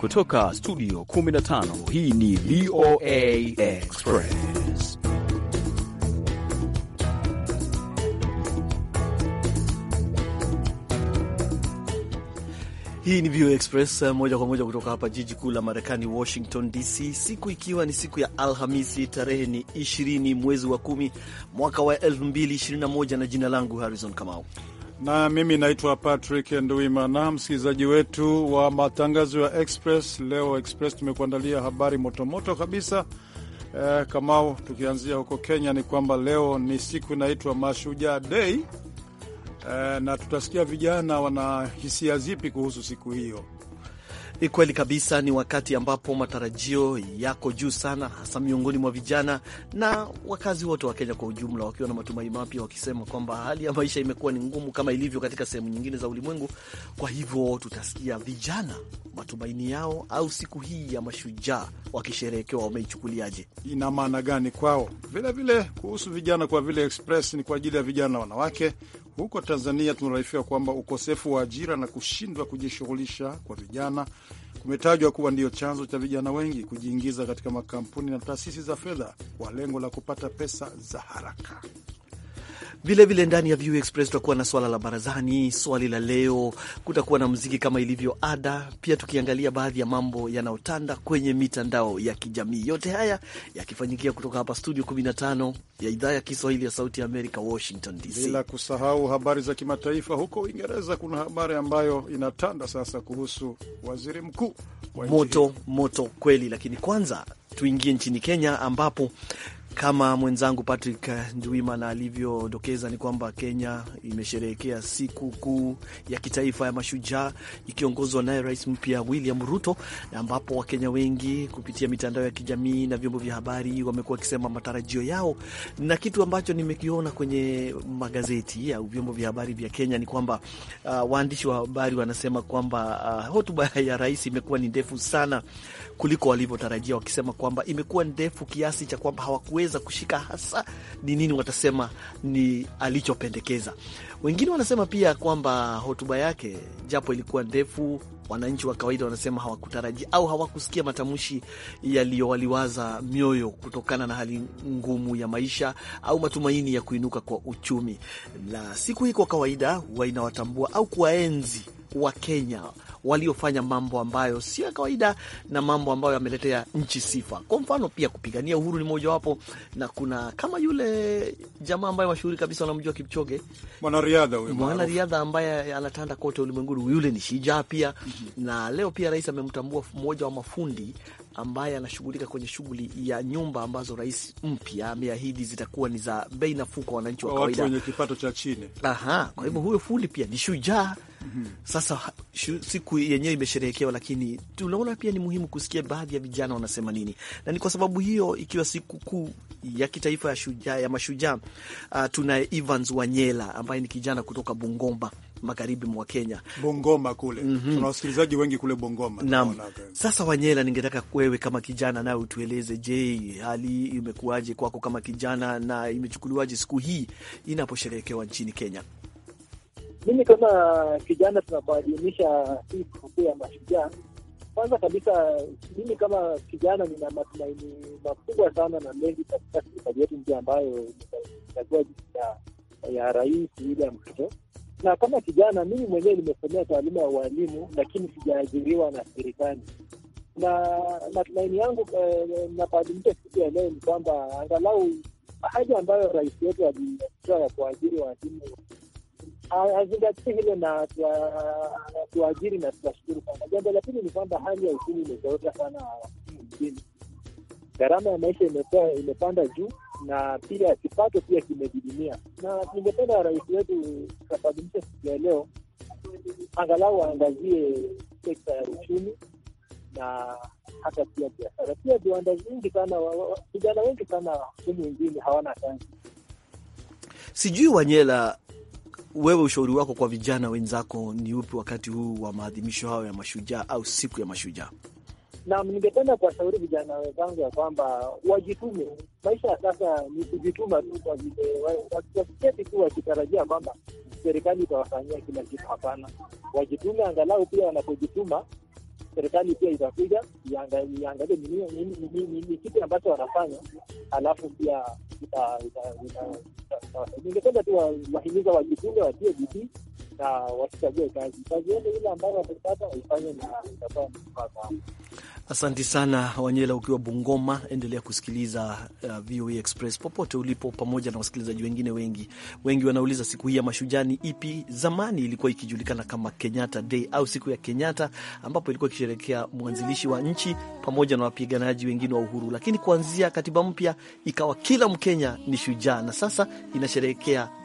Kutoka studio 15 hii ni VOA Express. Hii ni VOA Express eh, moja kwa moja kutoka hapa jiji kuu la Marekani, Washington DC, siku ikiwa ni siku ya Alhamisi, tarehe ni 20 mwezi wa 10 mwaka wa 2021, na jina langu Harrison Kamau na mimi naitwa Patrick Nduimana, msikilizaji wetu wa matangazo ya Express. Leo Express tumekuandalia habari motomoto kabisa. Eh, Kamau, tukianzia huko Kenya ni kwamba leo ni siku inaitwa Mashujaa Day eh, na tutasikia vijana wana hisia zipi kuhusu siku hiyo. Ni kweli kabisa, ni wakati ambapo matarajio yako juu sana, hasa miongoni mwa vijana na wakazi wote wa Kenya kwa ujumla, wakiwa na matumaini mapya, wakisema kwamba hali ya maisha imekuwa ni ngumu kama ilivyo katika sehemu nyingine za ulimwengu. Kwa hivyo tutasikia vijana matumaini yao, au siku hii ya mashujaa wakisherehekewa wameichukuliaje, ina maana gani kwao. Vilevile kuhusu vijana, kwa vile Express ni kwa ajili ya vijana na wanawake, huko Tanzania tunarahifiwa kwamba ukosefu wa ajira na kushindwa kujishughulisha kwa vijana kumetajwa kuwa ndiyo chanzo cha vijana wengi kujiingiza katika makampuni na taasisi za fedha kwa lengo la kupata pesa za haraka. Vilevile ndani ya VOA Express tutakuwa na swala la barazani, swali la leo, kutakuwa na mziki kama ilivyo ada, pia tukiangalia baadhi ya mambo yanayotanda kwenye mitandao ya kijamii. Yote haya yakifanyikia kutoka hapa studio 15 ya idhaa ya Kiswahili ya Sauti ya Amerika, Washington DC, bila kusahau habari za kimataifa. Huko Uingereza kuna habari ambayo inatanda sasa kuhusu waziri mkuu moto moto kweli, lakini kwanza tuingie nchini Kenya ambapo kama mwenzangu Patrick Ndwimana alivyodokeza ni kwamba Kenya imesherehekea siku kuu ya kitaifa ya mashujaa ikiongozwa naye rais mpya William Ruto, ambapo Wakenya wengi kupitia mitandao ya kijamii na vyombo vya habari wamekuwa wakisema matarajio yao, na kitu ambacho nimekiona kwenye magazeti au vyombo vya habari vya Kenya ni kwamba uh, waandishi wa habari wanasema kwamba uh, hotuba ya rais imekuwa ni ndefu sana kuliko walivyotarajia, wakisema kwamba imekuwa ndefu kiasi cha kwamba hawakuweza kushika hasa ni nini watasema ni alichopendekeza. Wengine wanasema pia kwamba hotuba yake japo ilikuwa ndefu wananchi wa kawaida wanasema hawakutarajia au hawakusikia matamshi yaliyowaliwaza mioyo kutokana na hali ngumu ya maisha au matumaini ya kuinuka kwa uchumi. Na siku hii kwa kawaida huwa inawatambua au kuwaenzi Wakenya waliofanya mambo ambayo sio ya kawaida na mambo ambayo yameletea nchi sifa. Kwa mfano, pia kupigania uhuru ni mojawapo, na kuna kama yule jamaa ambaye mashuhuri kabisa wanamjua Kipchoge, mwanariadha huyo, mwanariadha ambaye anatanda kote ulimwenguni, yule ni shujaa pia mm -hmm. na leo pia rais amemtambua mmoja wa mafundi ambaye anashughulika kwenye shughuli ya nyumba ambazo rais mpya ameahidi zitakuwa ni za bei nafuu kwa wananchi wa kawaida, watu wenye kipato cha chini. Aha, kwa hivyo mhm. huyo fundi pia ni shujaa sasa shu, siku yenyewe imesherehekewa, lakini tunaona pia ni muhimu kusikia baadhi ya vijana wanasema nini, na ni kwa sababu hiyo, ikiwa siku kuu ya kitaifa ya, shuja, ya mashujaa uh, ah, tuna Evans Wanyela ambaye ni kijana kutoka Bungoma magharibi mwa Kenya, Bongoma kule. mm -hmm. Tuna wasikilizaji wengi kule Bongoma. Naam. Sasa Wanyela, ningetaka wewe kama kijana nayo utueleze, je, hali imekuwaje kwako kama kijana na imechukuliwaje siku hii inaposherehekewa nchini Kenya? Mimi kama kijana, tunapoadhimisha hii sikukuu ya mashujaa, kwanza kabisa, mimi kama kijana nina matumaini makubwa sana na mengi katika serikali yetu mpya ambayo itachagua ya, ya Rais William Ruto. Na kama kijana, mimi mwenyewe nimesomea taaluma ya ualimu, lakini sijaajiriwa na serikali na matumaini yangu eh, napoadhimisha siku ya leo ni kwamba angalau haja ambayo rais wetu alitoa ya kuajiri waalimu Ah, azingatie na tuajiri na tunashukuru sana. Jambo la pili ni kwamba hali ya uchumi imezorota sana mjini, gharama ya maisha imepanda juu na pia kipato pia kimedidimia, na ningependa rais wetu kaadhimisha siku ya leo angalau aangazie sekta ya uchumi na hata pia biashara. Pia viwanda vingi sana, vijana wengi sana humu wengine hawana kazi. Sijui Wanyela, wewe ushauri wako kwa vijana wenzako ni upi wakati huu wa maadhimisho hayo ya mashujaa au siku ya mashujaa? Naam, ningependa kuwashauri vijana wenzangu ya kwamba wajitume. Maisha ya sasa ni kujituma tu, kwa vile wakiakiketi tu wakitarajia kwamba serikali itawafanyia kila kitu. Hapana, wajitume angalau pia wanapojituma serikali pia itakuja iangalie ni kitu ambacho wanafanya, alafu pia ningependa tu wahimiza wajifunze, watie bidii na wasichague kazi ile ambayo waifanye, na itakuwa mfaa. sana Wanyela, ukiwa Bungoma. Endelea kusikiliza uh, VOA e Express popote ulipo, pamoja na wasikilizaji wengine wengi. Wengi wanauliza siku hii ya mashujaa ni ipi? Zamani ilikuwa ikijulikana kama Kenyatta Day au siku ya Kenyatta, ambapo ilikuwa ikisherekea mwanzilishi wa nchi pamoja na wapiganaji wengine wa uhuru, lakini kuanzia katiba mpya ikawa kila Mkenya ni shujaa, na sasa inasherehekea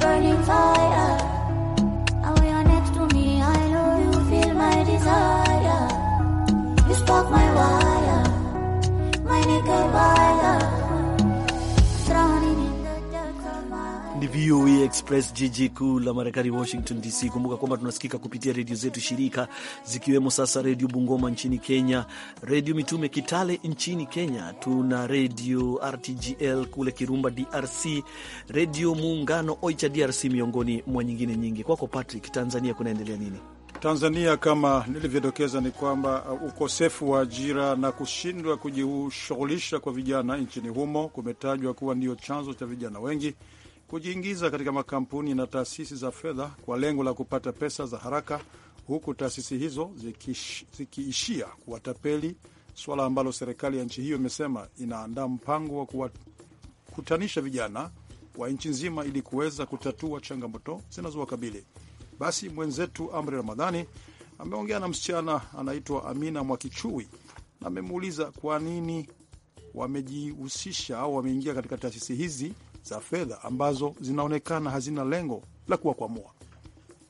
burning fire. And you're next to me, I know you feel my desire. You spark my wire, my nickel wire. ni VOA Express, jiji kuu la Marekani, Washington DC. Kumbuka kwamba tunasikika kupitia redio zetu shirika zikiwemo sasa Redio Bungoma nchini Kenya, Redio Mitume Kitale nchini Kenya, tuna Redio RTGL kule Kirumba DRC, Redio Muungano Oicha DRC, miongoni mwa nyingine nyingi. Kwako Patrick, Tanzania kunaendelea nini? Tanzania kama nilivyodokeza ni kwamba uh, ukosefu wa ajira na kushindwa kujishughulisha kwa vijana nchini humo kumetajwa kuwa ndio chanzo cha vijana wengi kujiingiza katika makampuni na taasisi za fedha kwa lengo la kupata pesa za haraka, huku taasisi hizo zikiishia kuwatapeli, suala ambalo serikali ya nchi hiyo imesema inaandaa mpango wa kuwakutanisha vijana wa nchi nzima ili kuweza kutatua changamoto zinazowakabili. Basi mwenzetu Amri Ramadhani ameongea na msichana anaitwa Amina Mwakichui na amemuuliza kwa nini wamejihusisha au wameingia katika taasisi hizi za fedha ambazo zinaonekana hazina lengo la kuwakwamua.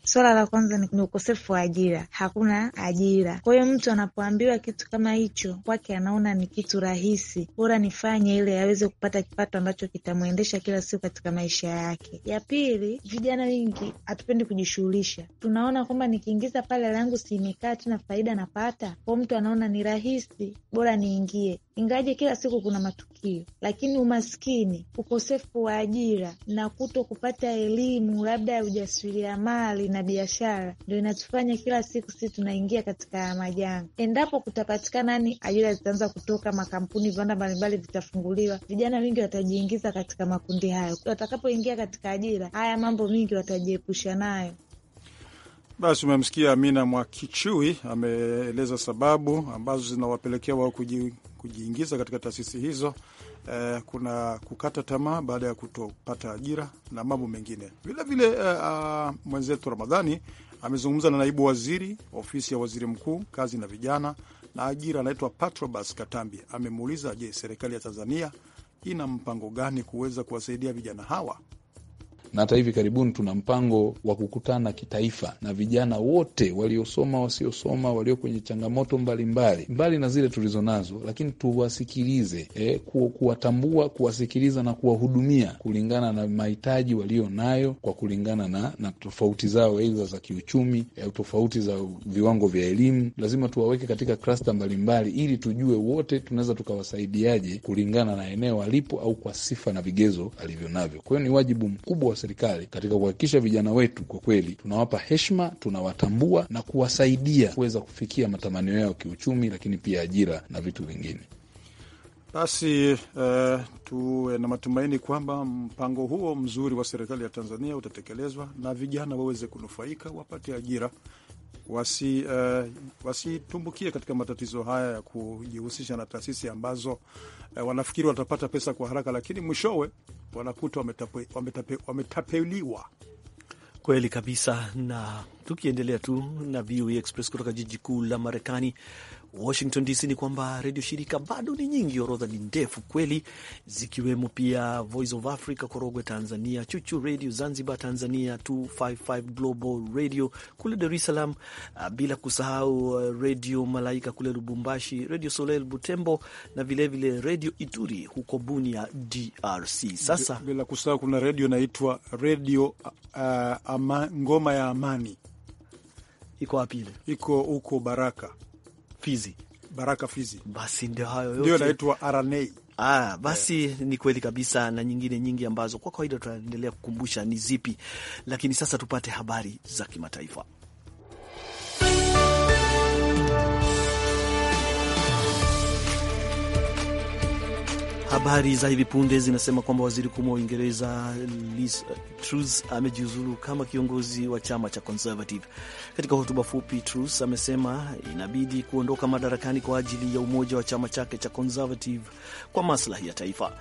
Swala la kwanza ni ukosefu wa ajira, hakuna ajira. Kwa hiyo mtu anapoambiwa kitu kama hicho, kwake anaona ni kitu rahisi, bora nifanye ili aweze kupata kipato ambacho kitamwendesha kila siku katika maisha yake. Ya pili, vijana wengi hatupendi kujishughulisha, tunaona kwamba nikiingiza pale langu, si imekaa tena, faida napata kwao, mtu anaona ni rahisi, bora niingie ingawaje kila siku kuna matukio, lakini umaskini, ukosefu wa ajira na kuto kupata elimu labda ya ujasiriamali na biashara ndio inatufanya kila siku sisi tunaingia katika majanga. Endapo kutapatikana ni ajira zitaanza kutoka, makampuni, viwanda mbalimbali vitafunguliwa, vijana wengi watajiingiza katika makundi hayo. Watakapoingia katika ajira, haya mambo mengi watajiepusha nayo. Basi umemsikia Amina mwakichui ameeleza sababu ambazo zinawapelekea wao kuji kujiingiza katika taasisi hizo eh, kuna kukata tamaa baada ya kutopata ajira na mambo mengine vilevile vile, eh, ah, mwenzetu Ramadhani amezungumza na naibu waziri ofisi ya waziri mkuu kazi na vijana na ajira, anaitwa Patrobas Katambi. Amemuuliza, je, serikali ya Tanzania ina mpango gani kuweza kuwasaidia vijana hawa na hata hivi karibuni tuna mpango wa kukutana kitaifa na vijana wote waliosoma, wasiosoma, walio kwenye changamoto mbalimbali mbali, mbali na zile tulizo nazo lakini tuwasikilize eh, ku, kuwatambua, kuwasikiliza na kuwahudumia kulingana na mahitaji walio nayo kwa kulingana na, na tofauti zao aidha za kiuchumi eh, tofauti za viwango vya elimu. Lazima tuwaweke katika klasta mbalimbali ili tujue wote tunaweza tukawasaidiaje kulingana na eneo alipo au kwa sifa na vigezo alivyo navyo. Kwa hiyo ni wajibu mkubwa wa serikali katika kuhakikisha vijana wetu kwa kweli tunawapa heshima, tunawatambua na kuwasaidia kuweza kufikia matamanio yao kiuchumi, lakini pia ajira na vitu vingine. Basi eh, tuwe na matumaini kwamba mpango huo mzuri wa serikali ya Tanzania utatekelezwa na vijana waweze kunufaika, wapate ajira wasi uh, wasitumbukie katika matatizo haya ya kujihusisha na taasisi ambazo uh, wanafikiri watapata pesa kwa haraka, lakini mwishowe wanakuta wametape, wametape, wametapeliwa. Kweli kabisa. Na tukiendelea tu na VOA e Express kutoka jiji kuu la Marekani, Washington DC ni kwamba redio shirika bado ni nyingi, orodha ni ndefu kweli, zikiwemo pia Voice of Africa Korogwe Tanzania, Chuchu Radio Zanzibar Tanzania, 255 Global Radio kule Dar es Salaam, ah, bila kusahau ah, redio Malaika kule Lubumbashi, redio Soleil Butembo na vilevile redio Ituri huko Bunia DRC. Sasa bila kusahau kuna redio inaitwa redio uh, ah, Ngoma ya Amani iko wapi ile? Iko huko Baraka Fizi, Baraka Fizi. Basi ndio hayo yote, ndio naitwa RNA. Ah, basi yeah. Ni kweli kabisa na nyingine nyingi ambazo kwa kawaida tunaendelea kukumbusha ni zipi, lakini sasa tupate habari za kimataifa. Habari za hivi punde zinasema kwamba waziri mkuu wa Uingereza Liz Truss amejiuzulu kama kiongozi wa chama cha Conservative. Katika hotuba fupi, Truss amesema inabidi kuondoka madarakani kwa ajili ya umoja wa chama chake cha Conservative kwa maslahi ya taifa.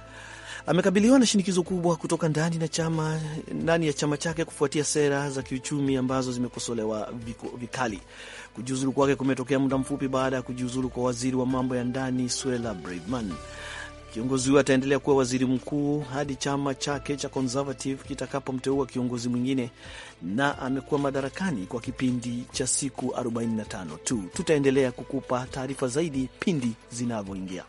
Amekabiliwa na shinikizo kubwa kutoka ndani na chama, ndani ya chama chake kufuatia sera za kiuchumi ambazo zimekosolewa vikali. Kujiuzulu kwake kumetokea muda mfupi baada ya kujiuzulu kwa waziri wa mambo ya ndani Suella Braverman. Kiongozi huyo ataendelea kuwa waziri mkuu hadi chama chake cha Conservative kitakapomteua kiongozi mwingine, na amekuwa madarakani kwa kipindi cha siku 45 tu. Tutaendelea kukupa taarifa zaidi pindi zinavyoingia.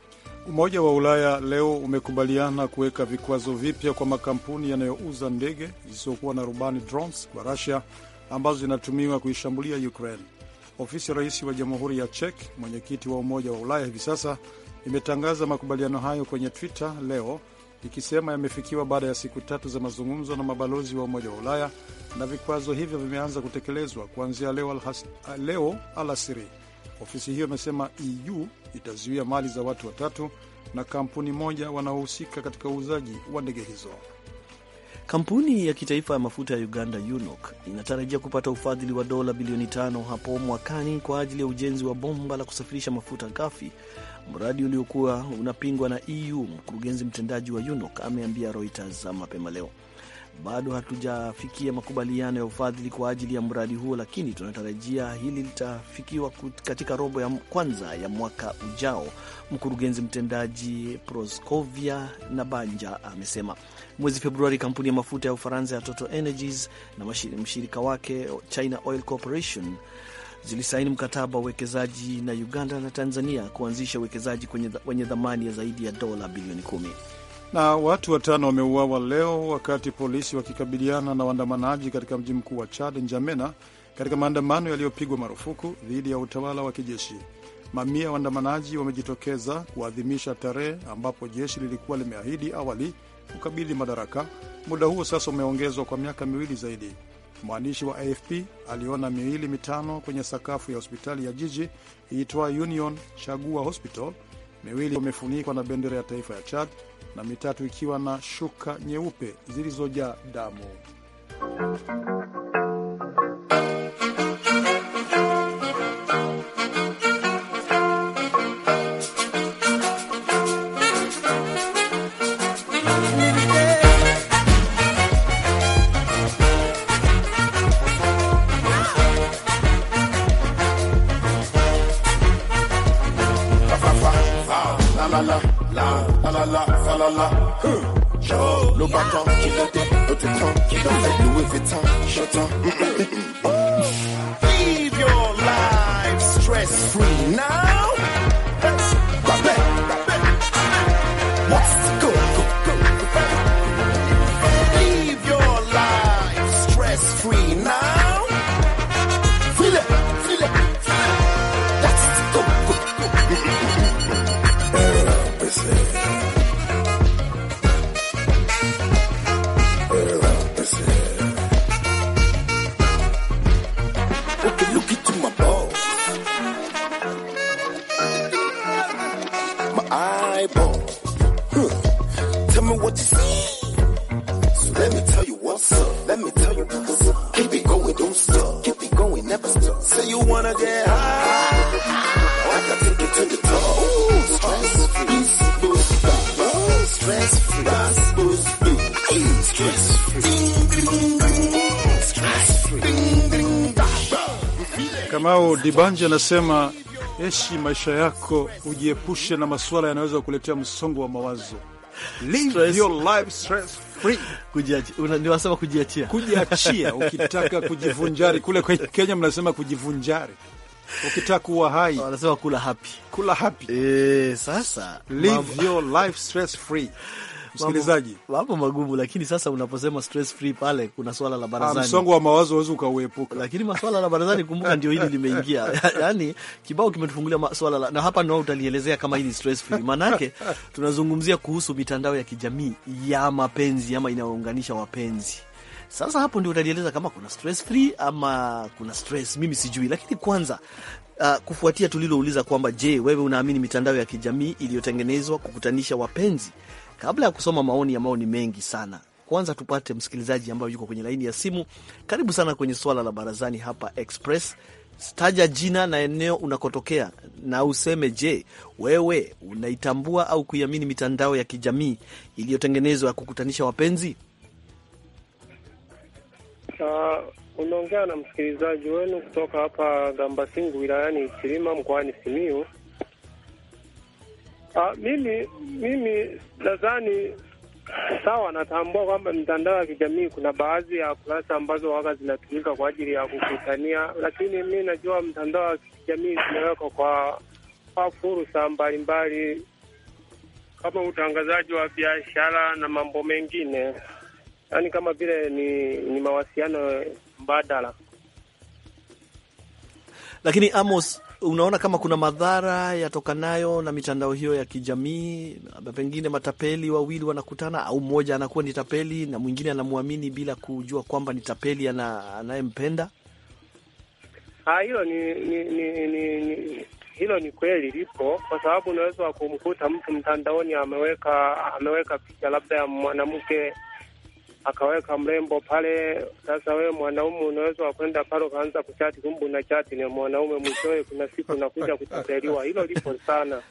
Umoja wa Ulaya leo umekubaliana kuweka vikwazo vipya kwa makampuni yanayouza ndege zisizokuwa na rubani drones kwa rasia ambazo zinatumiwa kuishambulia Ukraine. Ofisi ya rais wa jamhuri ya Czech, mwenyekiti wa Umoja wa Ulaya hivi sasa imetangaza makubaliano hayo kwenye Twitter leo ikisema yamefikiwa baada ya siku tatu za mazungumzo na mabalozi wa Umoja wa Ulaya na vikwazo hivyo vimeanza kutekelezwa kuanzia leo, alhas, leo alasiri. Ofisi hiyo imesema EU itazuia mali za watu watatu na kampuni moja wanaohusika katika uuzaji wa ndege hizo. Kampuni ya kitaifa ya mafuta ya Uganda UNOC inatarajia kupata ufadhili wa dola bilioni tano hapo mwakani kwa ajili ya ujenzi wa bomba la kusafirisha mafuta ghafi, mradi uliokuwa unapingwa na EU. Mkurugenzi mtendaji wa UNOC ameambia Reuters mapema leo bado hatujafikia makubaliano ya ufadhili kwa ajili ya mradi huo, lakini tunatarajia hili litafikiwa katika robo ya kwanza ya mwaka ujao, mkurugenzi mtendaji Proskovia na Banja amesema. Mwezi Februari, kampuni ya mafuta ya Ufaransa ya Total Energies na mshirika wake China Oil Corporation zilisaini mkataba wa uwekezaji na Uganda na Tanzania kuanzisha uwekezaji wenye dhamani ya zaidi ya dola bilioni kumi. Na watu watano wameuawa leo wakati polisi wakikabiliana na waandamanaji katika mji mkuu wa Chad, Njamena, katika maandamano yaliyopigwa marufuku dhidi ya utawala wa kijeshi. Mamia waandamanaji wamejitokeza kuadhimisha tarehe ambapo jeshi lilikuwa limeahidi awali kukabidhi madaraka. Muda huo sasa umeongezwa kwa miaka miwili zaidi. Mwandishi wa AFP aliona miili mitano kwenye sakafu ya hospitali ya jiji iitwa Union Chagua Hospital miwili imefunikwa na bendera ya taifa ya Chad na mitatu ikiwa na shuka nyeupe zilizojaa damu. Louis Vuitton, shut up. Kamao Dibanji anasema eshi maisha yako, ujiepushe na masuala yanayoweza kukuletea msongo wa mawazo. Live your life stress free. Niwasema kujiachia, kujiachia. Ukitaka kujivunjari, kule kwenye Kenya mnasema kujivunjari ukitaka kuwa hai wanasema kula kula eh, sasa live your life stress free msikilizaji, wapo magumu, lakini sasa unaposema stress free pale kuna swala la barazani, ah, msongo wa mawazo huwezi ukauepuka, lakini maswala la barazani kumbuka, ndio hili limeingia, yani kibao kimetufungulia maswala la, na hapa nao utalielezea kama hili stress free, maanake tunazungumzia kuhusu mitandao ya kijamii ya mapenzi ama inayounganisha wapenzi. Sasa hapo ndio utalieleza kama kuna stress free ama kuna stress, mimi sijui, lakini kwanza Uh, kufuatia tulilouliza kwamba je, wewe unaamini mitandao ya kijamii iliyotengenezwa kukutanisha wapenzi Kabla ya kusoma maoni ambayo ni mengi sana, kwanza tupate msikilizaji ambayo yuko kwenye laini ya simu. Karibu sana kwenye swala la barazani hapa Express. staja jina na eneo unakotokea na useme, je, wewe unaitambua au kuiamini mitandao ya kijamii iliyotengenezwa ya kukutanisha wapenzi? Uh, unaongea na msikilizaji wenu kutoka hapa Gambasingu wilayani kilima mkoani Simiyu. Uh, mimi mimi nadhani sawa, natambua kwamba mitandao ya kijamii kuna baadhi ya kurasa ambazo waga zinatumika kwa ajili ya kukutania, lakini mi najua mtandao wa kijamii zimewekwa kwa, kwa fursa mbalimbali kama utangazaji wa biashara na mambo mengine, yaani kama vile ni, ni mawasiliano mbadala. Lakini Amos, unaona kama kuna madhara yatokanayo na mitandao hiyo ya kijamii, pengine matapeli wawili wanakutana, au mmoja anakuwa ni tapeli na mwingine anamwamini bila kujua kwamba ni tapeli anayempenda? Ah, hilo ni, ni, ni, ni, ni hilo ni kweli lipo, kwa sababu unaweza kumkuta mtu mtandaoni ameweka ameweka picha labda ya mwanamke akaweka mrembo pale. Sasa wewe mwanaume unaweza wakwenda pale ukaanza kuchati, kumbu na chati na mwanaume, mwishowe kuna siku nakuja kutapeliwa. Hilo lipo sana.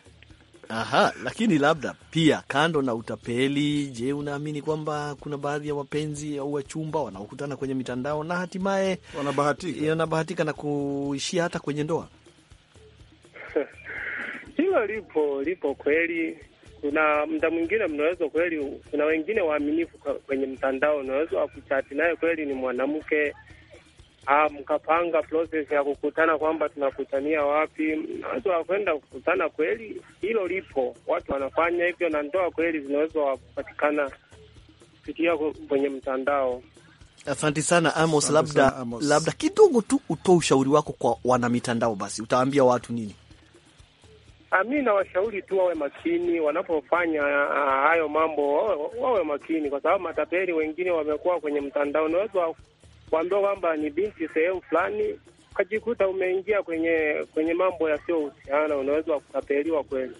Aha, lakini labda pia kando na utapeli, je, unaamini kwamba kuna baadhi ya wapenzi au wachumba wanaokutana kwenye mitandao na hatimaye wanabahatika, eh, wanabahatika na kuishia hata kwenye ndoa? Hilo lipo, lipo kweli kuna mda mwingine mnaweza kweli, kuna wengine waaminifu kwenye mtandao, unaweza wakuchati naye kweli ni mwanamke Ah, mkapanga process ya kukutana kwamba tunakutania wapi, watu wakwenda kukutana kweli. Hilo lipo, watu wanafanya hivyo, na ndoa kweli zinaweza kupatikana kupitia kwenye mtandao. Asante sana Amos. labda Labda kidogo tu utoe ushauri wako kwa wanamitandao, basi utaambia watu nini? Ah, Mi nawashauri tu wawe makini wanapofanya ah, hayo mambo, wawe, wawe makini kwa sababu matapeli wengine wamekuwa kwenye mtandao. Unaweza kuambiwa kwamba ni binti sehemu fulani ukajikuta umeingia kwenye kwenye mambo yasiyohusiana, unaweza kutapeliwa kweli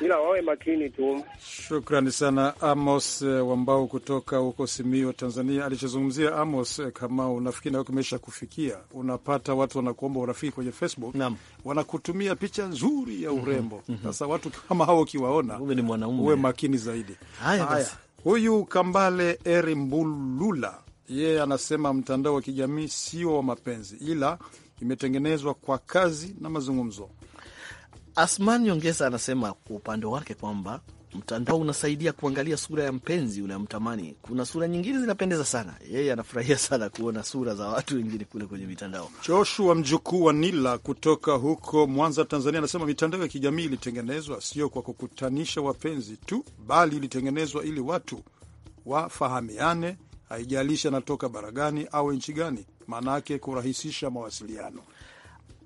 ila wawe makini tu. Shukrani sana Amos eh, Wambao kutoka huko Simio, Tanzania. Alichozungumzia Amos eh, kama unafikiri nawe kimesha kufikia. Unapata watu wanakuomba urafiki kwenye Facebook, wanakutumia picha nzuri ya urembo. Mhm, mhm. Sasa mm -hmm. watu kama hao ukiwaona, uwe makini zaidi. Haya basi, huyu Kambale Eri Mbulula yeye anasema mtandao wa kijamii sio wa mapenzi, ila imetengenezwa kwa kazi na mazungumzo Asman Nyongesa anasema kwa upande wake kwamba mtandao unasaidia kuangalia sura ya mpenzi unayomtamani. Kuna sura nyingine zinapendeza sana, yeye anafurahia sana kuona sura za watu wengine kule kwenye mitandao. Joshua mjukuu wa Nila kutoka huko Mwanza, Tanzania, anasema mitandao ya kijamii ilitengenezwa sio kwa kukutanisha wapenzi tu, bali ilitengenezwa ili watu wafahamiane, haijalishi anatoka bara gani au nchi gani, maanaake kurahisisha mawasiliano.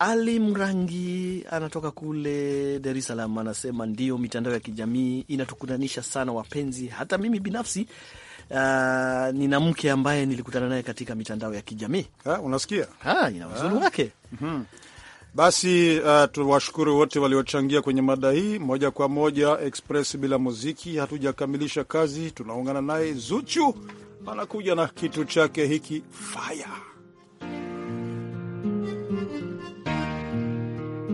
Ali Mrangi anatoka kule Dar es Salaam, anasema ndiyo, mitandao ya kijamii inatukutanisha sana wapenzi. Hata mimi binafsi Uh, nina mke ambaye nilikutana naye katika mitandao ya kijamii ha, unasikia ha, ina uzuri wake mm -hmm. Basi uh, tuwashukuru wote waliochangia kwenye mada hii moja kwa moja express. Bila muziki hatujakamilisha kazi. Tunaungana naye Zuchu, anakuja na kitu chake hiki fire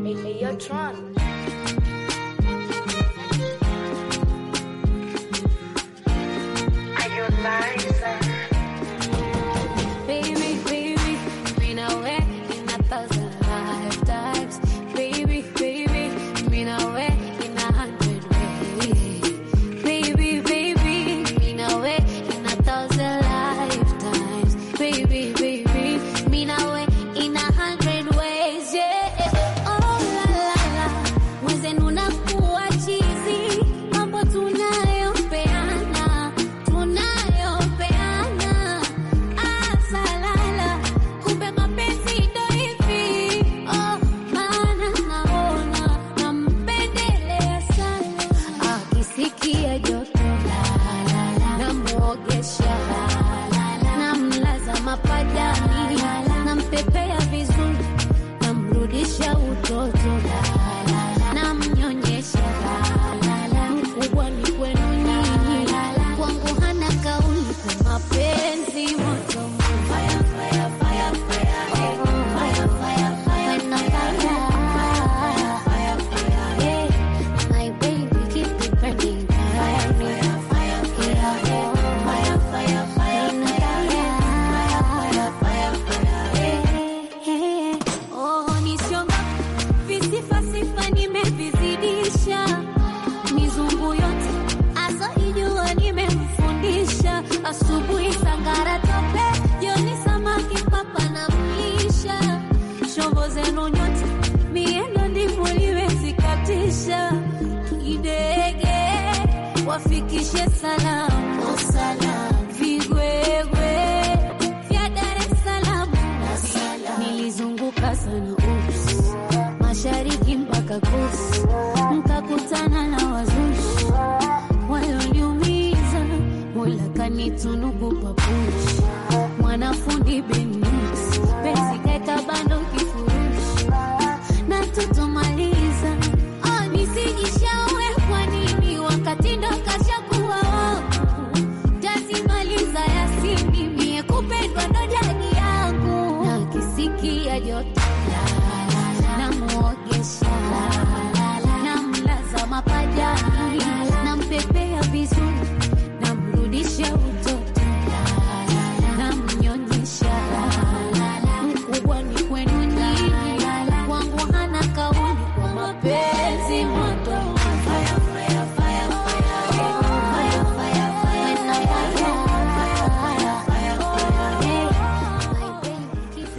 aka Tron. Are you alive? Tundugu papushi mwanafundi benusi besi bando kifurushi na tuto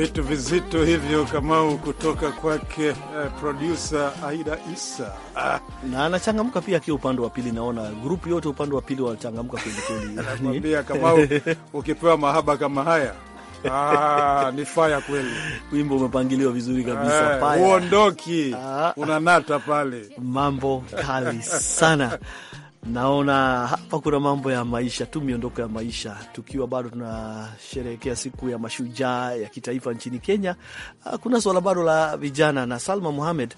vitu vizito hivyo Kamau, kutoka kwake uh, producer Aida Isa ah. na anachangamka pia akiwa upande wa pili, naona grupu yote upande wa pili wanachangamka kwelikweli. Yaani Nakwambia Kamau, ukipewa mahaba kama haya Ah, ni faya kweli. Wimbo umepangiliwa vizuri kabisa, eh, uondoki ah, unanata pale, mambo kali sana Naona hapa kuna mambo ya maisha tu, miondoko ya maisha, tukiwa bado tunasherehekea siku ya mashujaa ya kitaifa nchini Kenya. Kuna suala bado la vijana, na Salma Muhamed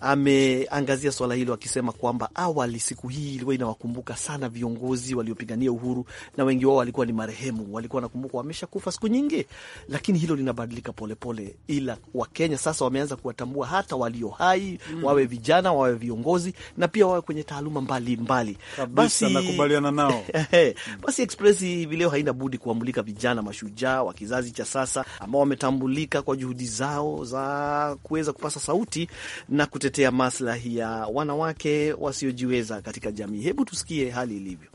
ameangazia swala hilo akisema kwamba awali siku hii ilikuwa inawakumbuka sana viongozi waliopigania uhuru, na wengi wao walikuwa ni marehemu, walikuwa wanakumbuka wameshakufa siku nyingi, lakini hilo linabadilika polepole, ila Wakenya sasa wameanza kuwatambua hata walio hai mm. wawe vijana, wawe viongozi na pia wawe kwenye taaluma mbalimbali. Basi nakubaliana nao basi Express hivi leo haina budi kuamulika vijana mashujaa wa kizazi cha sasa ambao wametambulika kwa juhudi zao za kuweza kupasa sauti na kute kutetea maslahi ya wanawake wasiojiweza katika jamii. Hebu tusikie hali ilivyo.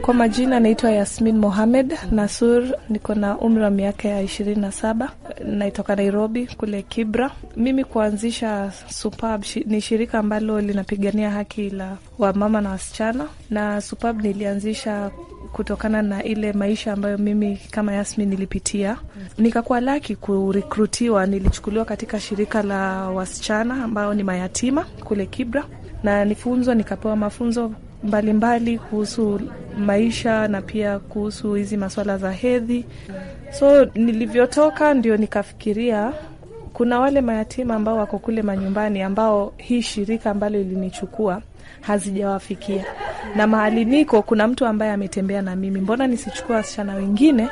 Kwa majina anaitwa Yasmin Mohamed Nasur, niko na umri wa miaka ya ishirini na saba, naitoka Nairobi kule Kibra. Mimi kuanzisha Supab ni shirika ambalo linapigania haki la wamama na wasichana, na Supab nilianzisha kutokana na ile maisha ambayo mimi kama Yasmin nilipitia, nikakuwa laki kurikrutiwa Nilichukuliwa katika shirika la wasichana ambao ni mayatima kule Kibra, na nifunzwa, nikapewa mafunzo mbalimbali mbali kuhusu maisha na pia kuhusu hizi maswala za hedhi. So nilivyotoka ndio nikafikiria kuna wale mayatima ambao wako kule manyumbani ambao hii shirika ambalo ilinichukua hazijawafikia. Na mahali niko kuna mtu ambaye ametembea na mimi, mbona nisichukua wasichana wengine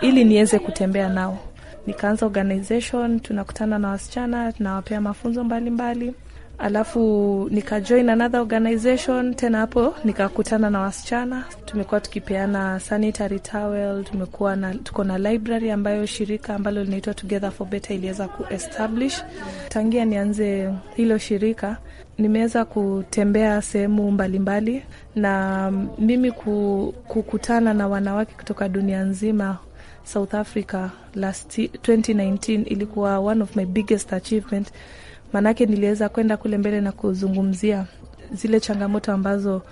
ili niweze kutembea nao? Nikaanza organization, tunakutana na wasichana, tunawapea mafunzo mbalimbali mbali alafu nikajoin another organization tena. Hapo nikakutana na wasichana, tumekuwa tukipeana sanitary towel, tumekuwa na, tuko na library ambayo shirika ambalo linaitwa Together for Better iliweza kuestablish. Tangia nianze hilo shirika nimeweza kutembea sehemu mbalimbali, na mimi kukutana na wanawake kutoka dunia nzima South Africa last 2019 ilikuwa one of my biggest achievement maanake niliweza kwenda kule mbele na kuzungumzia zile changamoto ambazo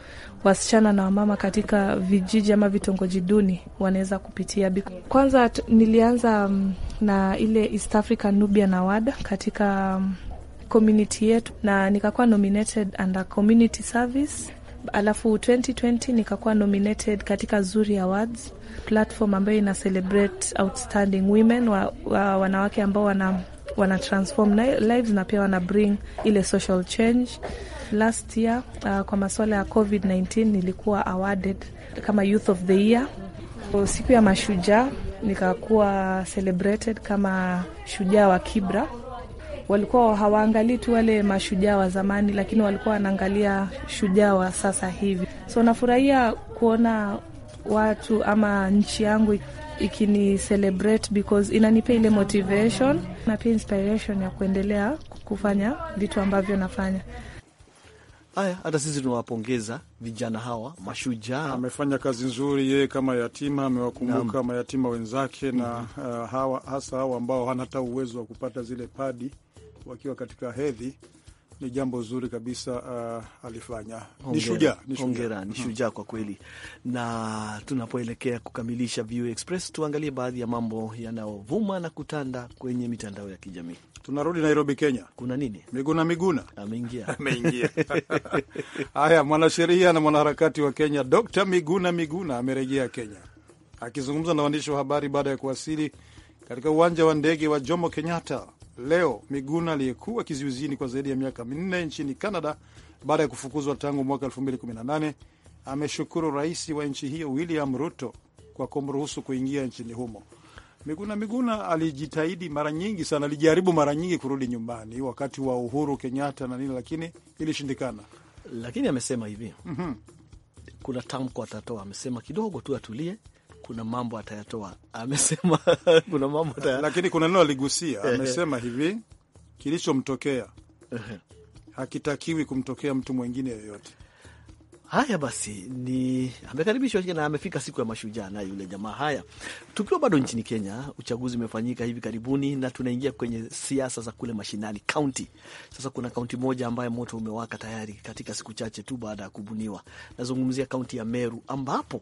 wasichana na wamama katika vijiji ama vitongoji duni wanaweza kupitia. Kwanza nilianza mm, na ile East Africa Nubian Award katika mm, community yetu, na nikakuwa nominated under community service. Alafu 2020 nikakuwa nominated katika Zuri Awards platform ambayo ina celebrate outstanding women wa, wa, wanawake ambao wana wana transform lives na pia wana bring ile social change. Last year uh, kwa masuala ya COVID-19 nilikuwa awarded kama youth of the year. Siku ya mashujaa nikakuwa celebrated kama shujaa wa Kibra. Walikuwa hawaangalii tu wale mashujaa wa zamani, lakini walikuwa wanaangalia shujaa wa sasa hivi. So nafurahia kuona watu ama nchi yangu ikini celebrate because inanipa ile motivation na pia inspiration ya kuendelea kufanya vitu ambavyo nafanya. Haya, hata sisi tunawapongeza vijana hawa mashujaa. Amefanya kazi nzuri yeye, kama yatima amewakumbuka mayatima wenzake na mm-hmm. uh, hawa hasa hawa ambao hana hata uwezo wa kupata zile padi wakiwa katika hedhi ni jambo zuri kabisa uh, alifanya. Ni shujaa, ni shujaa, ni hmm. kwa kweli. Na tunapoelekea kukamilisha VOA Express, tuangalie baadhi ya mambo yanayovuma na kutanda kwenye mitandao ya kijamii. Tunarudi Nairobi, Kenya. Kuna nini? Miguna Miguna ameingia, ameingia. Haya, mwanasheria na mwanaharakati wa Kenya Dr Miguna Miguna amerejea Kenya akizungumza na waandishi wa habari baada ya kuwasili katika uwanja wa ndege wa Jomo Kenyatta leo Miguna aliyekuwa kizuizini kwa zaidi ya miaka minne nchini Canada baada ya kufukuzwa tangu mwaka 2018 ameshukuru rais wa nchi hiyo William Ruto kwa kumruhusu kuingia nchini humo. Miguna Miguna alijitahidi mara nyingi sana, alijaribu mara nyingi kurudi nyumbani wakati wa Uhuru Kenyatta na nini, lakini ilishindikana. Lakini amesema hivi mm -hmm. kuna tamko atatoa, amesema kidogo tu atulie, kuna mambo atayatoa, amesema kuna mambo atayatoa. Lakini kuna neno aligusia, amesema hivi kilichomtokea hakitakiwi kumtokea mtu mwingine yoyote. Haya basi, ni amekaribishwa na amefika siku ya mashujaa naye yule jamaa. Haya, tukiwa bado nchini Kenya, uchaguzi umefanyika hivi karibuni na tunaingia kwenye siasa za kule mashinani kaunti. Sasa kuna kaunti moja ambayo moto umewaka tayari katika siku chache tu baada ya kubuniwa. Nazungumzia kaunti ya Meru ambapo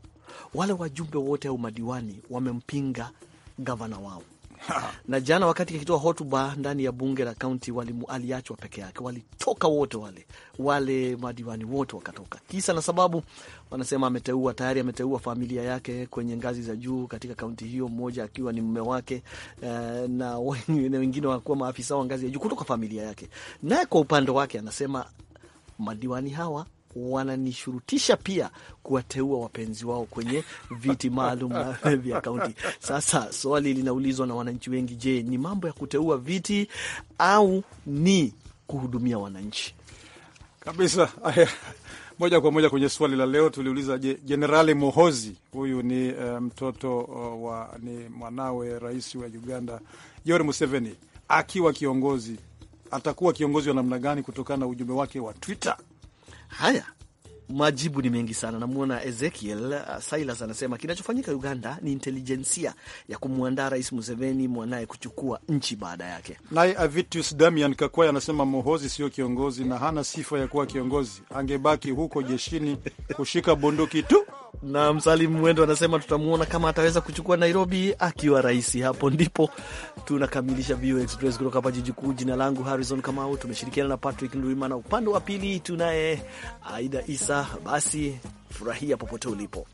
wale wajumbe wote au madiwani wamempinga gavana wao na jana wakati akitoa hotuba ndani ya bunge la kaunti aliachwa peke yake, walitoka wote wale wale madiwani wote wakatoka. Kisa na sababu wanasema ameteua tayari, ameteua familia yake kwenye ngazi za juu katika kaunti hiyo, mmoja akiwa ni mume wake eh, na wengine wakuwa maafisa wa ngazi ya juu kutoka familia yake. Naye kwa upande wake anasema madiwani hawa wananishurutisha pia kuwateua wapenzi wao kwenye viti maalum vya kaunti. Sasa swali linaulizwa na wananchi wengi, je, ni mambo ya kuteua viti au ni kuhudumia wananchi kabisa? Moja kwa moja kwenye swali la leo tuliuliza, je, Jenerali Mohozi huyu ni eh, mtoto uh, wa ni mwanawe rais wa Uganda Yoweri Museveni akiwa kiongozi atakuwa kiongozi wa namna gani, kutokana na ujumbe wake wa Twitter Haya, majibu ni mengi sana. Namwona Ezekiel uh, Silas anasema kinachofanyika Uganda ni intelijensia ya kumwandaa Rais Museveni mwanaye kuchukua nchi baada yake. Naye Avitus Damian kakwai anasema Mohozi sio kiongozi na hana sifa ya kuwa kiongozi, angebaki huko jeshini kushika bunduki tu na Msalimu Mwendo anasema tutamwona kama ataweza kuchukua Nairobi akiwa rais. Hapo ndipo tunakamilisha VOA Express kutoka hapa jiji kuu. Jina langu Harrison Kamau, tumeshirikiana na Patrick Ndwimana, upande wa pili tunaye Aida Isa. Basi furahia popote ulipo.